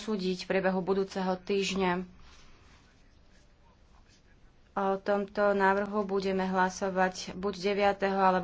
posúdiť v priebehu budúceho týždňa. O tomto návrhu budeme hlasovať buď 9. alebo